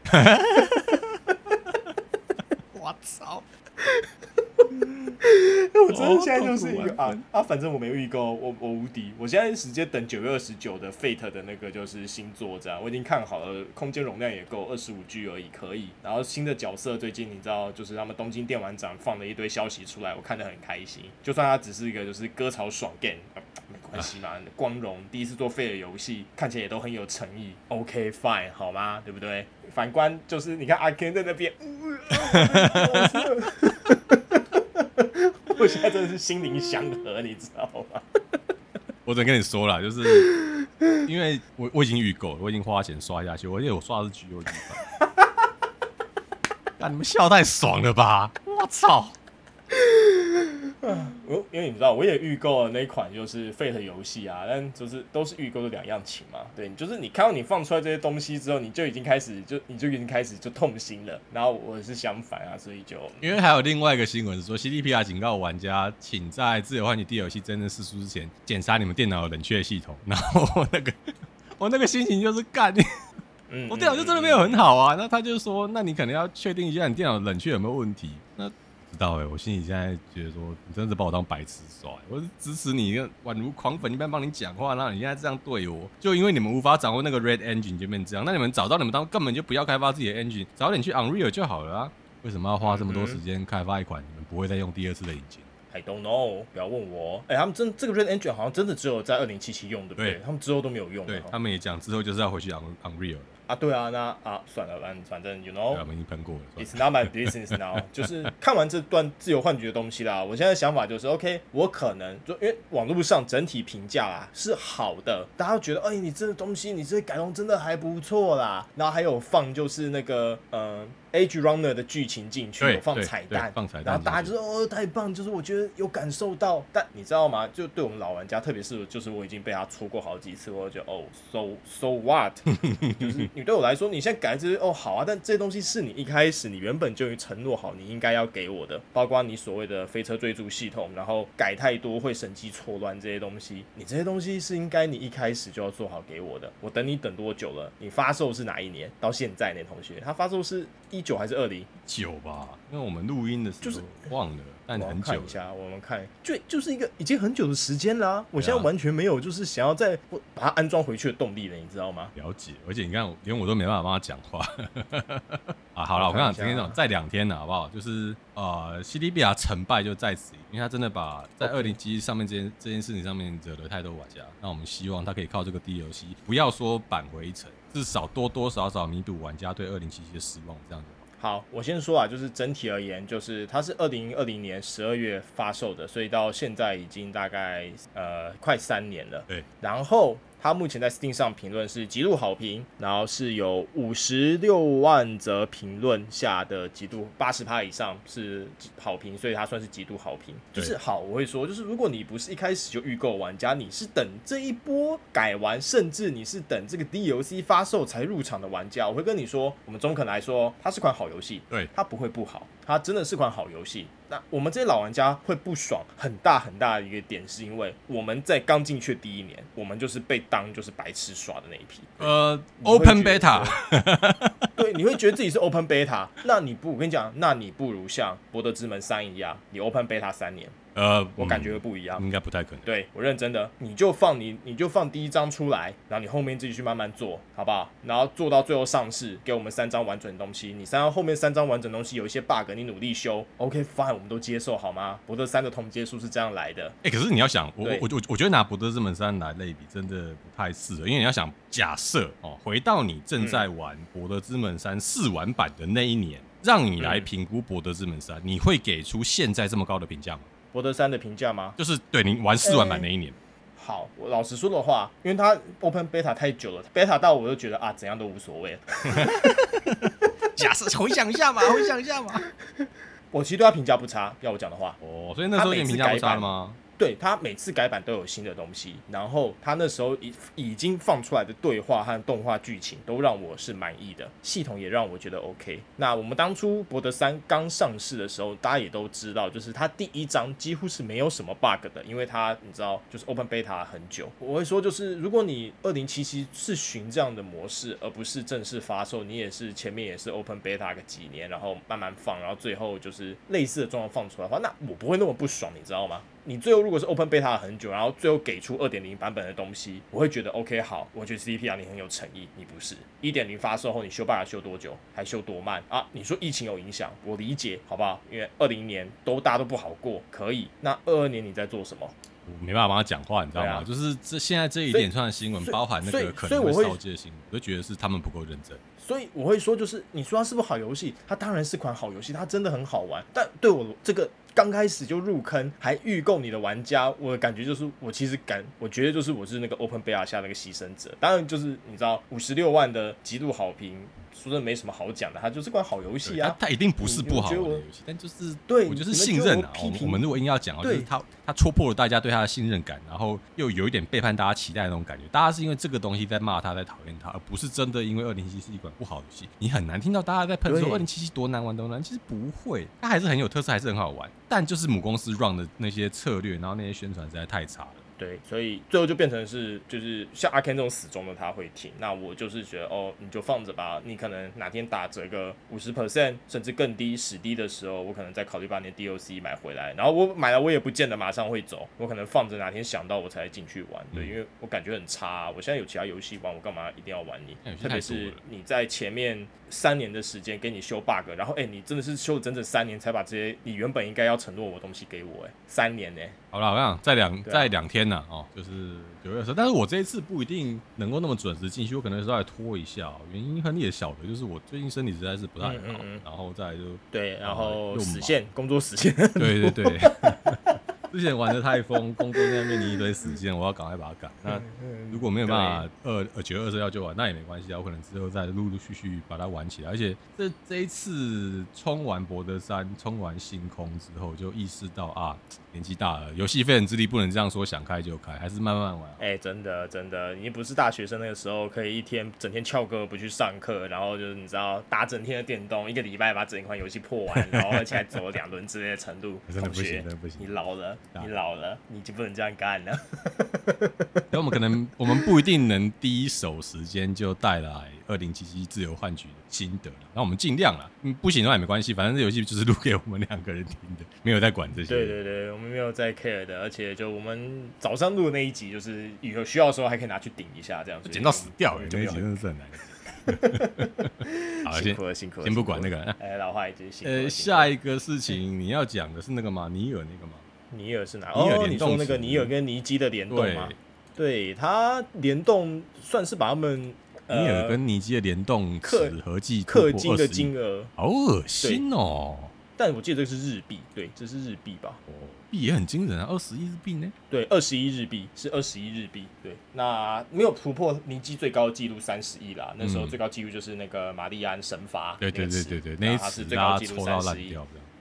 我操！ 我真的現在就是一個啊啊，反正我沒有遇過，我我無敵，我現在直接等九月二十九的 Fate 的那個就是新作，這樣我已經看好了，空間容量也夠，二十五 G 而已可以。然後新的角色最近你知道，就是他們東京電玩展放了一堆消息出來，我看的很開心。就算他只是一個就是割草爽 game，沒關係嘛，光榮第一次做 Fate 遊戲，看起來也都很有誠意。OK fine 好嗎？對不對？反觀就是你看阿 Ken 在那邊。我現在真的是心靈相合，你知道嗎？我只能跟你說了，就是因為我我已經預購，我已經花錢刷下去，因為我有刷的是橘右京。讓 你們笑太爽了吧！我操！ 嗯，我因為你知道，我也預購了那一款，就是 Fate 遊戲啊，但就是都是預購的兩樣情嘛。對，就是你看到你放出來這些東西之後，你就已經開始就你就已經開始就痛心了。然後我是相反啊，所以就因為還有另外一個新聞是說，CDPR 警告玩家，請在自由幻局 DLC 遊戲真正釋出之前，檢查你們電腦冷卻系統。然後我那個 我那個心情就是幹，嗯嗯嗯 我電腦就真的沒有很好啊。那他就說，那你可能要確定一下你電腦冷卻有沒有問題？那到哎、欸，我心裡現在覺得說，你真的把我當白痴耍，欸。我是支持你，宛如狂粉一般幫你講話，那你現在這樣對我，就因為你們無法掌握那個 Red Engine 就變成這樣。那你們找到你們當根本就不要開發自己的 Engine，早點去 Unreal 就好了啊！為什麼要花這麼多時間開發一款你們不會再用第二次的引擎？I don't know，不要問我。哎、欸，他們真這個 Red Engine 好像真的只有在二零七七用，對不對，對？他們之後都沒有用。對，他們也講之後就是要回去 Unreal。啊，對啊，那啊，算了，反反正 you know，已搬、啊、了，了，It's not my business now。 就是看完這段自由幻局的東西啦，我現在想法就是，OK，我可能就因為網絡上整體評價啊是好的，大家都覺得，哎、欸，你這個東西，你這個改動真的還不錯啦，然後還有放就是那個，嗯、呃。Age Runner 的劇情進去我放，放彩蛋，放彩蛋，然後大家就說哦，太棒！就是我覺得有感受到。但你知道嗎？就對我們老玩家，特別是就是我已經被他戳過好幾次，我覺得哦，so so what？ 你對我來說，你現在改這些哦，好啊。但這些東西是你一開始你原本就已經承諾好，你應該要給我的，包括你所謂的飛車追逐系統，然後改太多會神機錯亂這些東西，你這些東西是應該你一開始就要做好給我的。我等你等多久了？你發售是哪一年？到現在那同學他發售是。一九還是二零九吧？因為我們錄音的時候忘了，就是、但很久我看一下，我們看，就就是一個已經很久的時間啦、啊。我現在完全沒有，就是想要再把它安裝回去的動力了，你知道嗎？了解，而且你看，連我都沒辦法幫他講話 啊！好了，我講、啊，聽清再兩天了，好不好？就是呃 CDPR 成敗就在此，因為他真的把在二零七七上面這件、okay. 這件事情上面惹了太多玩家。那我們希望他可以靠這個 DLC，不要說扳回一城。至少多多少少彌補玩家對二零七七的失望，這樣子。好，我先說啊，就是整體而言，就是它是二零二零年十二月發售的，所以到現在已經大概呃快三年了。對，然後。它目前在 Steam 上評論是極度好評，然後是有五十六萬則評論下的極度八十趴以上是好評，所以它算是極度好評。就是好，我會說，就是如果你不是一開始就預購玩家，你是等這一波改完，甚至你是等這個 DLC 發售才入場的玩家，我會跟你說，我們中肯來說，它是款好遊戲，對，它不會不好。它真的是款好遊戲，那我們這些老玩家，會不爽很大很大的一個點，是因為我們在剛進去第一年，我們就是被當就是白痴耍的那一批。呃，open beta， 對，你會覺得自己是 open beta，那你不，我跟你講，那你不如像《博德之門三》一樣，你 open beta 三年。呃、嗯，我感覺會不一樣，應該不太可能。對，我認真的，你就放你你就放第一張出來，然後你後面自己去慢慢做，好不好？然後做到最後上市，給我們三張完整的東西。你三張後面三張完整東西有一些 bug，你努力修，OK fine，我們都接受，好嗎？博德三的同接數是這樣來的。哎、欸，可是你要想，我我我我覺得拿博德之門三來類比，真的不太適合，因為你要想假設哦，回到你正在玩博德之門三試玩版的那一年，嗯、讓你來評估博德之門三，你會給出現在這麼高的評價嗎？博德三的評價嗎？就是對您玩四萬買哪一年、欸。好，我老實說的話，因為他 open beta 太久了，beta 到我就覺得啊，怎樣都無所謂。 假設設回 想一下嘛，回想一下嘛。我其實對他評價不差，要我講的話。哦、oh,，所以那時候已經評價不差了嗎？對，他每次改版都有新的東西，然後他那時候已已經放出來的對話和動畫劇情都讓我是滿意的，系統也讓我覺得 OK。那我們當初博德三剛上市的時候，大家也都知道，就是它第一章幾乎是沒有什麼 bug 的，因為它你知道就是 open beta 很久。我會說就是如果你2077是循這樣的模式，而不是正式發售，你也是前面也是 open beta 個幾年，然後慢慢放，然後最後就是類似的狀況放出來的話，那我不會那麼不爽，你知道嗎？你最後如果是 open beta 很久，然後最後給出二點零版本的東西，我會覺得 OK 好，我覺得 CDPR 你很有誠意。你不是一點零發售後你修 bug 修多久，還修多慢啊？你說疫情有影響，我理解，好不好？因為二零年都大家都不好過，可以。那二二年你在做什麼？我沒辦法幫他講話，你知道嗎、啊？就是這現在這一點上的新聞，包含那個可能會燒機的新聞，我會我覺得是他們不夠認真。所以我會說，就是你說它是不是好遊戲？它當然是款好遊戲，它真的很好玩。但對我這個。剛開始就入坑還預購你的玩家，我的感覺就是，我其實感我覺得就是我是那個 open beta 下那個犧牲者。當然就是你知道，五十六萬的極度好評，說真的沒什麼好講的。它就是款好遊戲啊，它一定不是不好玩的遊戲。但就是對我就是信任啊。我們、我們如果硬要講啊，就是他他戳破了大家對他的信任感，然後又有一點背叛大家期待的那種感覺。大家是因為這個東西在罵他，在討厭他，而不是真的因為二零七七是一款不好的遊戲。你很難聽到大家在噴說二零七七多難玩多難，其實不會，它還是很有特色，還是很好玩。但就是母公司 run 的那些策略，然後那些宣傳實在太差了。對，所以最後就變成是，就是像阿 Ken 這種死忠的他會停。那我就是覺得，哦，你就放着吧。你可能哪天打折個五十 percent，甚至更低，死低的時候，我可能再考慮把你的 DLC 買回來。然後我買了，我也不見得馬上會走，我可能放着，哪天想到我才進去玩。嗯。對，因為我感覺很差啊，我現在有其他遊戲玩，我幹嘛一定要玩你？特別是你在前面。三年的時間給你修 bug，然後哎、欸，你真的是修了整整三年才把這些你原本應該要承諾我的東西給我哎、欸，三年呢、欸？好了，我跟你講，再兩、再兩天呢、啊、哦，就是9月20，但是我這一次不一定能夠那麼準時進去，我可能稍微拖一下、哦，原因你也曉得，就是我最近身體實在是不太好，嗯嗯嗯，然後再來就對，然後、呃、實現，工作實現。對對對。 之前玩的太瘋，工作那邊面臨一堆時間， 我要趕快把它趕、嗯嗯。那如果沒有辦法二，呃，九月二十號就完，那也沒關係啊。我可能之後再陸陸續續把它玩起來。而且這這一次衝完博德三，衝完星空之後，就意識到啊，年紀大了，遊戲費很之力，不能這樣說，想開就開，還是慢慢玩。哎、欸，真的真的，你不是大學生那個時候，可以一天整天翹課不去上課，然後就是你知道，打整天的電動，一個禮拜把整款遊戲破完，然後而且還走了兩輪之類的程度， 欸、真的不行，不行，你老了。啊、你老了，你就不能這樣幹了。那 我們可能我們不一定能第一手時間就帶來二零七七自由幻局的心得了。那我們盡量了，嗯，不行的話也沒關係，反正這遊戲就是錄給我們兩個人聽的，沒有在管這些。對對對，我們沒有在 care 的，而且就我們早上錄的那一集，就是以後需要的時候還可以拿去頂一下，這樣子。剪到死掉就、欸。那真的是很難 好。辛苦了，辛苦了。辛苦了。先不管那個。哎、欸，老話一句辛呃、欸，下一個事情你要講的是那個嗎？你有那個嗎？尼爾是哪尼爾？哦，你說那個尼爾跟尼基的聯動嗎？對，他聯動算是把他們尼爾跟尼基的聯動克合計氪金的金額，好噁心哦、喔！但我記得這是日幣，對，這是日幣吧？幣、哦、也很驚人啊，二十一日幣呢？對，二十一日幣是二十一日幣，對，那沒有突破尼基最高紀錄三十億啦、嗯。那時候最高紀錄就是那個瑪麗安神發、那個，對對對對對，那一次拉、啊、抽到三十億。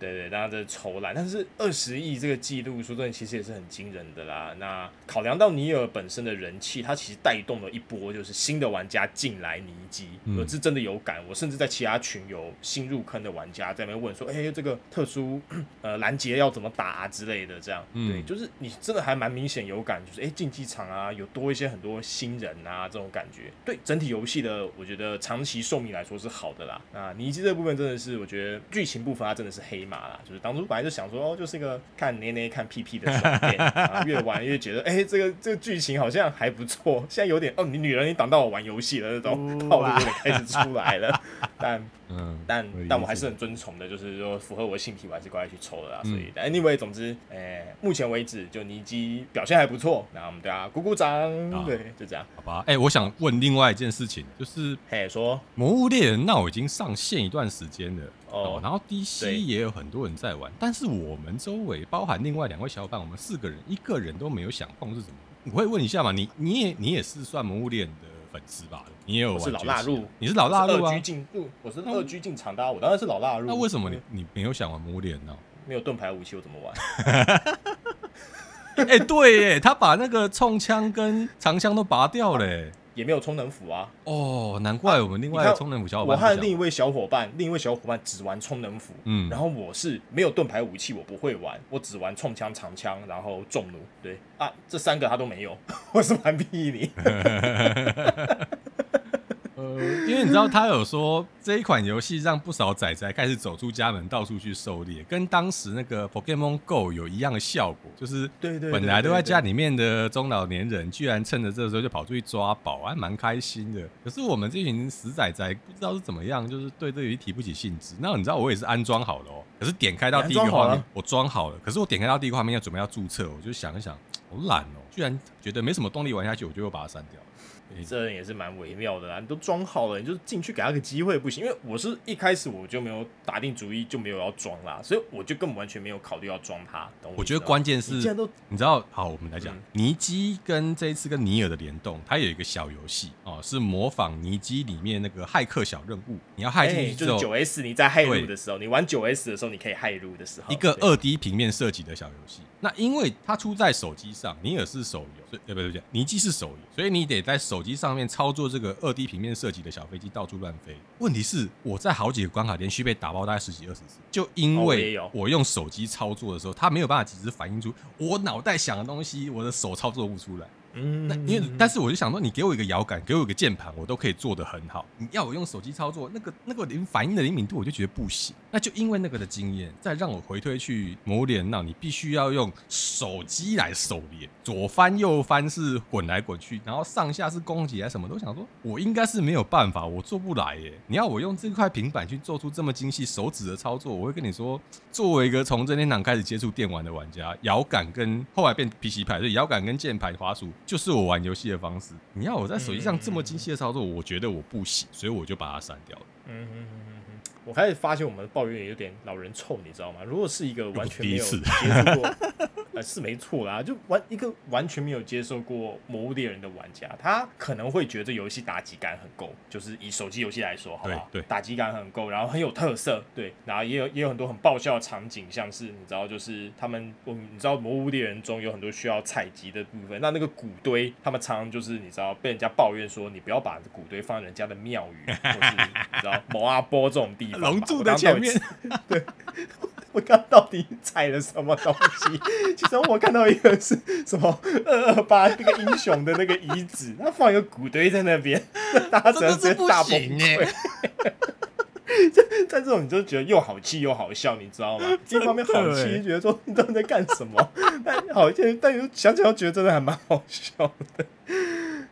對，對對，大家在抽來，但是二十億這個記錄，說真的其實也是很驚人的啦。那考量到尼爾本身的人氣，它其實帶動了一波，就是新的玩家進來尼基，我、嗯、是真的有感。我甚至在其他群有新入坑的玩家在那邊問說，哎、欸，這個特殊呃攔截要怎麼打啊之類的這樣、嗯。對，就是你真的還蠻明顯有感，就是哎競技場啊有多一些很多新人啊這種感覺。對，整體遊戲的我覺得長期壽命來說是好的啦。那尼基這部分真的是我覺得劇情部分它真的是黑馬。啊、就是當初本來就想說，哦，就是一個看捏捏、看屁屁的商店，啊、越玩越覺得，哎、欸，這個這個劇情好像還不錯。現在有點，哦，你女人你擋到我玩遊戲了那種套路開始出來了，但。嗯，但我但我還是很尊崇的，就是說符合我的性癖，我還是乖乖去抽了啊、嗯。所以但，anyway，總之，哎、欸，目前為止，就尼基表現還不錯，那我們大家鼓鼓掌、啊，對，就這樣，好吧。哎、欸，我想問另外一件事情，就是，嘿，說魔物獵人，那我已經上線一段時間了哦，哦，然後 DC 也有很多人在玩，但是我們周圍，包含另外兩位小伙伴，我們四個人一個人都沒有想碰，是什麼？我會問一下嘛，你你也你也是算魔物獵人的？本事吧，你也有玩老臘肉，你是老臘肉啊？二狙不？我是二狙進長刀，我當然是老臘肉。那為什麼你、嗯、你沒有想玩魔獵呢？沒有盾牌武器我怎麼玩？哎、 欸，對，哎，他把那個銃槍跟長槍都拔掉了耶。 也沒有充能斧啊！哦，難怪我們另外充能斧，啊，我和另一位小伙伴，另一位小伙伴只玩充能斧，嗯，然後我是沒有盾牌武器，我不會玩，我只玩衝槍、長槍，然後重弩。對啊，這三個他都沒有， 我是完逼你。 因為你知道，他有說這一款遊戲讓不少仔仔開始走出家門，到處去狩獵，跟當時那個 Pokemon Go 有一樣的效果，就是對對，本來都在家裡面的中老年人，居然趁着這個時候就跑出去抓寶，還蠻開心的。可是我們這群死仔仔不知道是怎麼樣，就是對對於提不起興致。那你知道，我也是安裝好了哦、喔，可是點開到第一個畫面，裝我裝好了，可是我點開到第一個畫面要準備要註冊，我就想一想，好懶哦、喔，居然覺得沒什麼動力玩下去，我就又把它刪掉了。你這人也是蠻微妙的啦，你都裝好了，你就進去給他個機會不行？因為我是一開始我就沒有打定主意，就沒有要裝啦，所以我就更完全沒有考慮要裝他。我覺得關鍵是你既然都，你知道，好，我們來講、嗯、妮姬跟這一次跟尼爾的聯動，它有一個小遊戲哦，是模仿妮姬裡面那個駭客小任務，你要駭進去就是九 S，你在駭入的時候，你玩九 S 的時候，你可以駭入的時候，一個二 D 平面設計的小遊戲。那因為它出在手機上，你也是手遊，對不對？你既是手遊，所以你得在手機上面操作這個二 D 平面射擊的小飛機到處亂飛。問題是我在好幾個關卡連續被打爆大概十幾二十次，就因為我用手機操作的時候，它沒有辦法及時反映出我腦袋想的東西，我的手操作不出來。嗯，那因為但是我就想說，你給我一個搖桿，給我一個鍵盤，我都可以做得很好。你要我用手機操作，那個那個靈反應的靈敏度，我就覺得不行。那就因為那個的經驗，再讓我回推去磨練，那你必須要用手機來狩獵。左翻右翻是滾來滾去，然後上下是攻擊啊，什麼都想說，我應該是沒有辦法，我做不來耶、欸。你要我用這塊平板去做出這麼精細手指的操作，我會跟你說，作為一個從任天堂開始接觸電玩的玩家，搖桿跟後來變 P C 派，所以搖桿跟鍵盤滑鼠就是我玩遊戲的方式。你要我在手機上這麼精細的操作，嗯嗯嗯，我覺得我不行，所以我就把它刪掉了。嗯，哼嗯哼，我開始發現我們的抱怨也有點老人臭，你知道嗎？如果是一個完全沒有，第一次。 呃，是沒錯啦，就完一個完全沒有接受過《魔物獵人》的玩家，他可能會覺得這遊戲打擊感很夠，就是以手機遊戲來說，好不好？打擊感很夠，然後很有特色，對，然後也有也有很多很爆笑的場景，像是你知道，就是他們，我你知道，《魔物獵人》中有很多需要採集的部分，那那個骨堆，他們常常就是你知道被人家抱怨說，你不要把骨堆放在人家的廟宇，就是你知道某阿波這種地方，龍柱的前面，剛剛 對。我剛剛到底踩了什麼東西？ 其實我看到一個是什麼二二八那個英雄的那個遺址，他放一個骨堆在那邊，大家只能直接大崩潰。在在、欸、 這種，你就覺得又好氣又好笑，你知道嗎？一 方面好氣，覺得說你到底在幹什麼？ 但好像但又想起來覺得真的還蠻好笑的。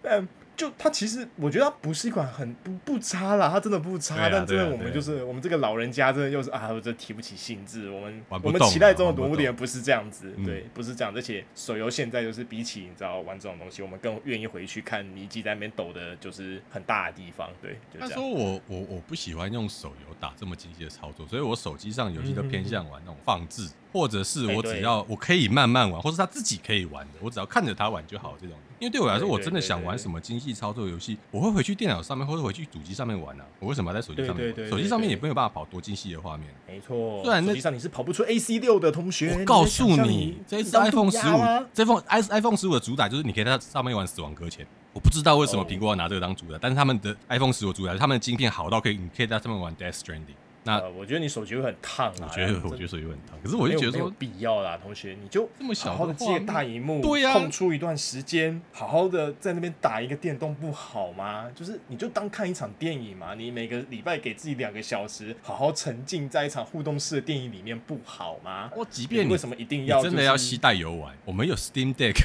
但。就它其實，我覺得它不是一款很不不差啦，它真的不差、啊。但真的我們就是、啊啊啊、我們這個老人家，真的又是啊，我真提不起興致。我們玩不我們期待中的《魔物獵人》不是這樣子，對，不是這樣。而且手遊現在就是比起你知道玩這種東西，我們更願意回去看《迷遺在那邊抖的就是很大的地方。對，就這樣他說我我我不喜歡用手遊打這麼精細的操作，所以我手機上遊戲都偏向玩、嗯、那種放置。或者是我只要我可以慢慢玩，欸、或是他自己可以玩的，我只要看着他玩就好。這種，因為對我來說，我真的想玩什麼精細操作遊戲，我會回去電腦上面或者回去主機上面玩啊。我為什麼要在手機上面玩？對對對對對對，手機上面也沒有辦法跑多精細的畫面。沒錯，雖然那手機上你是跑不出 A C 六的同學。我告訴你，你，你，這次 iPhone 十五，iPhone iPhone 十五的主打就是你可以在上面玩死亡擱淺。我不知道為什麼蘋果要拿這個當主打，但是他們的 iPhone 十五主打，他們的晶片好到可以，你可以在上面玩 Death Stranding。那、呃、我覺得你手機會很燙啊！我覺得，我覺得手機會很燙。可是我就覺得說沒有，沒有必要啦，同學，你就這麼小，好的借大熒幕，對呀，空出一段時間、啊，好好的在那邊打一個電動不好嗎？就是你就當看一場電影嘛。你每個禮拜給自己兩個小時，好好沉浸在一場互動式的電影裡面不好嗎？即便你，你為什麼一定要、就是、真的要攜帶遊玩？我們有 Steam Deck。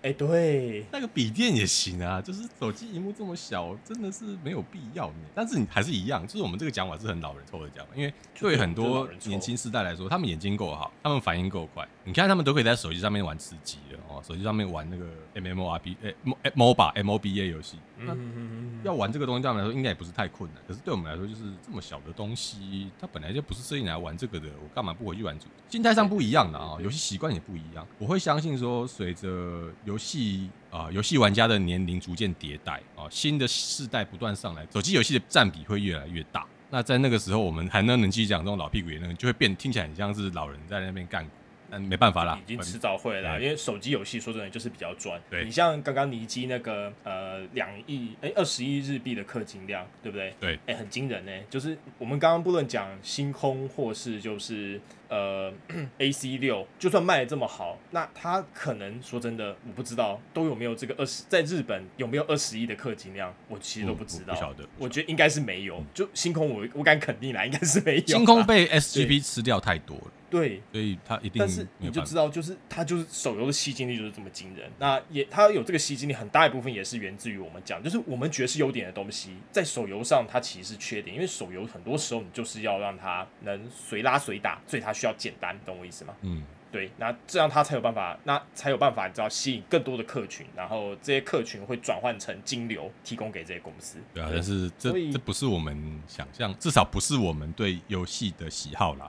哎、欸，對，那個筆電也行啊，就是手機屏幕這麼小，真的是沒有必要。但是你還是一樣，就是我們這個講法是很老人頭的講法，因為對很多年輕世代來說，他們眼睛夠好，他們反應夠快。你看，他們都可以在手機上面玩吃雞了哦，手機上面玩那個 MMORP 誒，mo MOBA、欸、MOBA 遊戲、mm-hmm. 欸，那要玩這個東西，對我們來說應該也不是太困難。可是對我們來說，就是這麼小的東西，它本來就不是設計來玩這個的，我幹嘛不回去玩主機？心態上不一樣的啊、哦，遊戲習慣也不一樣。我會相信說，隨着遊戲啊，遊戲玩家的年齡逐漸迭代啊、哦，新的世代不斷上來，手機遊戲的占比會越來越大。那在那個時候，我們還能能繼續講這種老屁股言論，就會變，聽起來很像是老人在那邊幹。嗯，沒辦法啦，已經遲早會啦。因為手機遊戲說真的就是比較賺，對，你像剛剛尼基那個呃兩億欸，二十億日幣的氪金量，對不對？對，欸、很驚人哎、欸，就是我們剛剛不論講星空或是就是。呃，AC6 就算賣得這麼好，那它可能說真的，我不知道都有沒有這個二十，在日本有沒有二十億的氪金量，我其實都不知道。嗯、不曉得，我覺得應該是沒有。嗯、就星空我，我我敢肯定啦，應該是沒有。星空被 S G P 吃掉太多了。對，對所以他一定。但是你就知道，就是它就是手遊的吸金力就是這麼驚人。那也，它有這個吸金力，很大一部分也是源自於我們講，就是我們覺得是優點的東西，在手遊上它其實是缺點，因為手遊很多時候你就是要讓它能隨拉隨打，所以它。需要簡單，懂我意思嗎？嗯，對，那這樣他才有辦法，那才有辦法你知道吸引更多的客群，然後這些客群會轉換成金流，提供給這些公司。對啊，但是這這不是我們想象，至少不是我們對遊戲的喜好啦。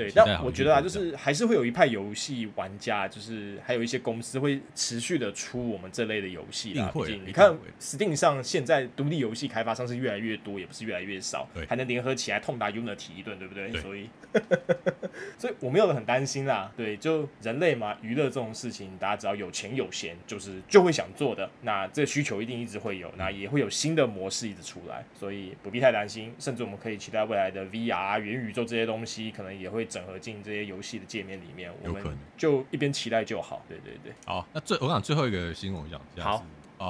對，但我覺得啊，就是還是會有一派遊戲玩家，就是還有一些公司會持續的出我們這類的遊戲啦。畢竟你看，Steam 上現在獨立遊戲開發商是越來越多，也不是越來越少，對，還能聯合起來痛打 Unity 一頓，對不對？對，所以呵呵呵，所以我沒有很擔心啦。對，就人類嘛，娛樂這種事情，大家只要有錢有閒，就是就會想做的。那這個需求一定一直會有，那也會有新的模式一直出來，所以不必太擔心。甚至我們可以期待未來的 VR、元宇宙這些東西，可能也會。整合進這些遊戲的界面裡面，有可能就一邊期待就好。對對對。好，那最我想最後一個新聞，我想這樣子。好啊、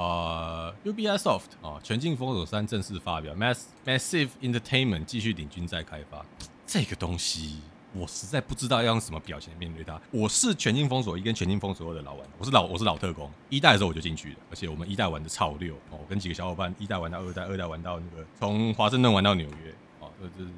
呃、，UBI Soft 啊、哦，《全境封鎖三》正式發表，Massive Entertainment 繼續領軍在開發、嗯。這個東西我實在不知道要用什麼表情面對它。我是《全境封鎖一》跟《全境封鎖二》的老玩家，我是老我是老特工，一代的時候我就進去了，而且我們一代玩的超溜。哦，我跟幾個小夥伴一代玩到二代，二代玩到那個從華盛頓玩到紐約這、哦就是。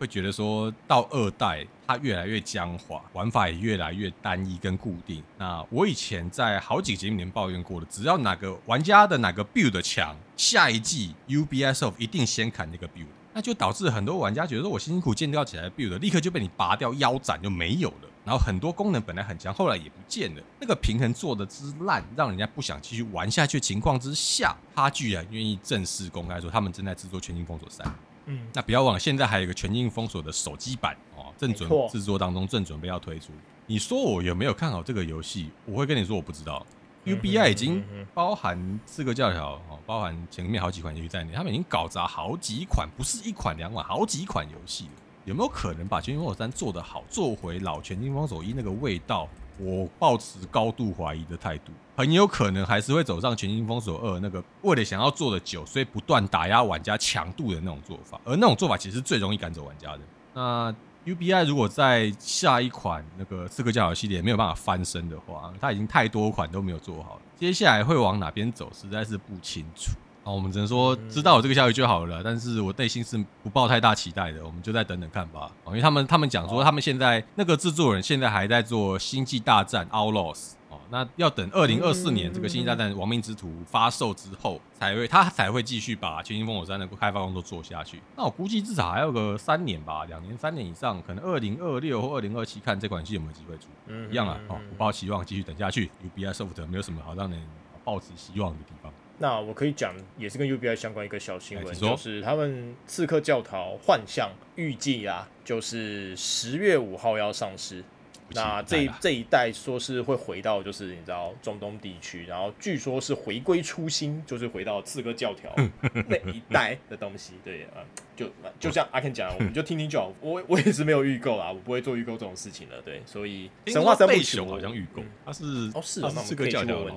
會覺得說到二代，它越來越僵化，玩法也越來越單一跟固定。那我以前在好幾個節目裡面抱怨過的，只要哪個玩家的哪個 build 強，下一季 Ubisoft 一定先砍那個 build，那就導致很多玩家覺得說我辛辛苦苦建造起來的 build，立刻就被你拔掉腰斬就沒有了。然後很多功能本來很強，後來也不見了。那個平衡做得之爛，讓人家不想繼續玩下去。情況之下，他居然願意正式公開說，他們正在制作全境封鎖3。那不要忘了，了現在還有一個全境封鎖的手機版哦，正準制作當中，正準備要推出。你說我有沒有看好這個遊戲？我會跟你說我不知道。UBI 已經包含四個教條，包含前面好幾款遊戲在內，他們已經搞砸好幾款，不是一款兩款，好幾款遊戲。有沒有可能把全境封鎖三做得好，做回老全境封鎖一那個味道？我抱持高度懷疑的態度，很有可能還是會走上《全境封鎖二》那個為了想要做的久，所以不斷打壓玩家強度的那種做法，而那種做法其實最容易趕走玩家的。那 UBI 如果在下一款那個《刺客教條》系列沒有辦法翻身的話，它已經太多款都沒有做好了，接下來會往哪邊走，實在是不清楚。哦，我們只能說知道有這個消息就好了，嗯、但是我內心是不抱太大期待的，我們就再等等看吧。哦，因為他們他們講說，他們現在、哦、那個製作人現在還在做《星際大戰：Outlaws》哦，那要等二零二四年這個《星際大戰：亡命之徒》發售之後，嗯嗯嗯、才會他才會繼續把《全境封鎖3》的開發工作做下去。那我估計至少還有個三年吧，兩年、三年以上，可能二零二六或二零二七看這款遊戲有沒有機會出。嗯，嗯嗯一樣啊，哦，不抱希望，繼續等下去。Ubisoft 沒有什麼好讓人抱持希望的地方。那我可以講，也是跟 U B I 相關一個小新聞，就是他們刺客教條幻象預計啊，就是十月五號要上市。那這一這一代說是會回到，就是你知道中東地區，然後據說是回歸初心，就是回到刺客教條那一代的東西。對啊、嗯，就就像阿 Ken 講，我們就聽聽就好。我我也是沒有預購啊，我不會做預購這種事情了。對，所以神話三部曲好像預購，他是他是刺客教條老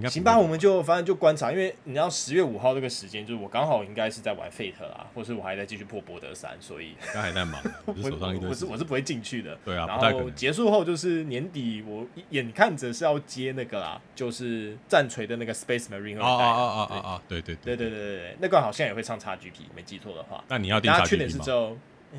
吧行吧，我們就反正就觀察，因為你知道十月五號這個時間，就是我剛好應該是在玩 Fate 啦，或者我還在繼續破博德三，所以剛還在忙。我是,是我,我是我是不會進去的。對啊。然後結束後就是年底，我眼看着是要接那個啦，就是戰錘的那個 Space Marine 啊啊啊啊啊啊啊對對對對對對,對那個好像也會上 XGP，沒記錯的話。那你要定？然後缺點是之後。哎，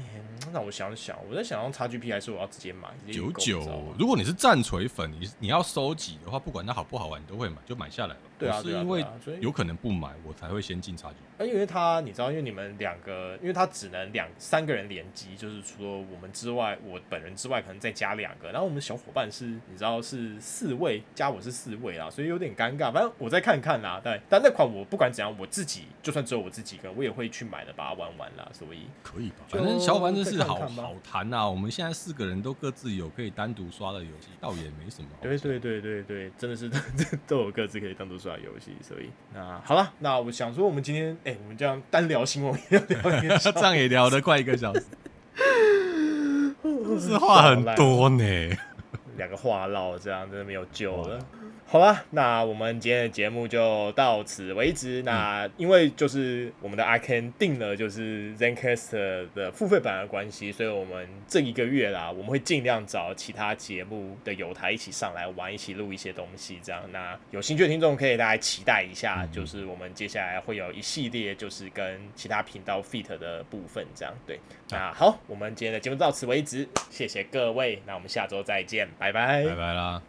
那我想想，我在想用 XGP 還是我要直接買九九。如果你是戰錘粉，你你要收集的話，不管它好不好玩，你都會買，就買下來了。對啊，我是因為對、啊對啊、有可能不買，我才會先進 XGP。啊，因為它你知道，因為你們兩個，因為它只能兩三個人聯機，就是除了我們之外，我本人之外，可能再加兩個。然後我們小夥伴是，你知道是四位，加我是四位啊，所以有點尷尬。反正我再看看啦，對。但那款我不管怎樣，我自己就算只有我自己一個，我也會去買的，把它玩完了。所以可以吧，反正。哦、小夥伴，真是好看看好談吶、啊！我們現在四個人都各自有可以單獨刷的遊戲，倒也沒什麼。對對對對對，真的是都有各自可以單獨刷遊戲，所以那好了，那我想說，我們今天哎、欸，我們這樣單聊新聞， 這樣也聊得快一個小時， 是話很多呢、欸，兩 個話嘮這樣真的沒有救了。 好啦，那我們今天的節目就到此為止。嗯、那因為就是我們的阿 Ken 訂了就是 ZenCast 的付費版的關係，所以我們這一個月啦，我們會盡量找其他節目的友台一起上來玩，一起錄一些東西，這樣。那有興趣的聽眾可以大家期待一下、嗯，就是我們接下來會有一系列就是跟其他頻道 feat 的部分，這樣對、啊。那好，我們今天的節目到此為止，謝謝各位，那我們下周再見，拜拜，拜拜啦。